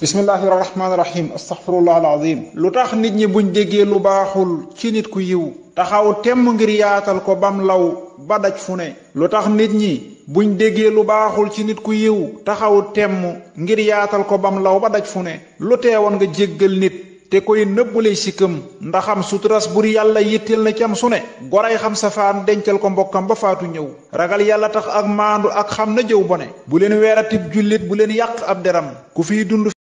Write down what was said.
bismillahi rahmaani rahim astaghfirullah alazim lu tax nit ñi buñ déggee lu baaxul ci nit ku yiw taxaw temm ngir yaatal ko bam law ba daj fu ne lu tax nit ñi buñ déggee lu baaxul ci nit ku yiw taxaw temm ngir yaatal ko bam law ba daj fu ne lu teewoon nga jéggal nit te koy nëbbule sikkam ndaxam suturas bur yàlla yitteel na ci su ne goray xam safaan dencal ko mbokkam ba faatu ñëw ragal yàlla tax ak maandu ak xam na jëw bone bu leen weeratib jullit bu leen yàq ab deram ku fiy dund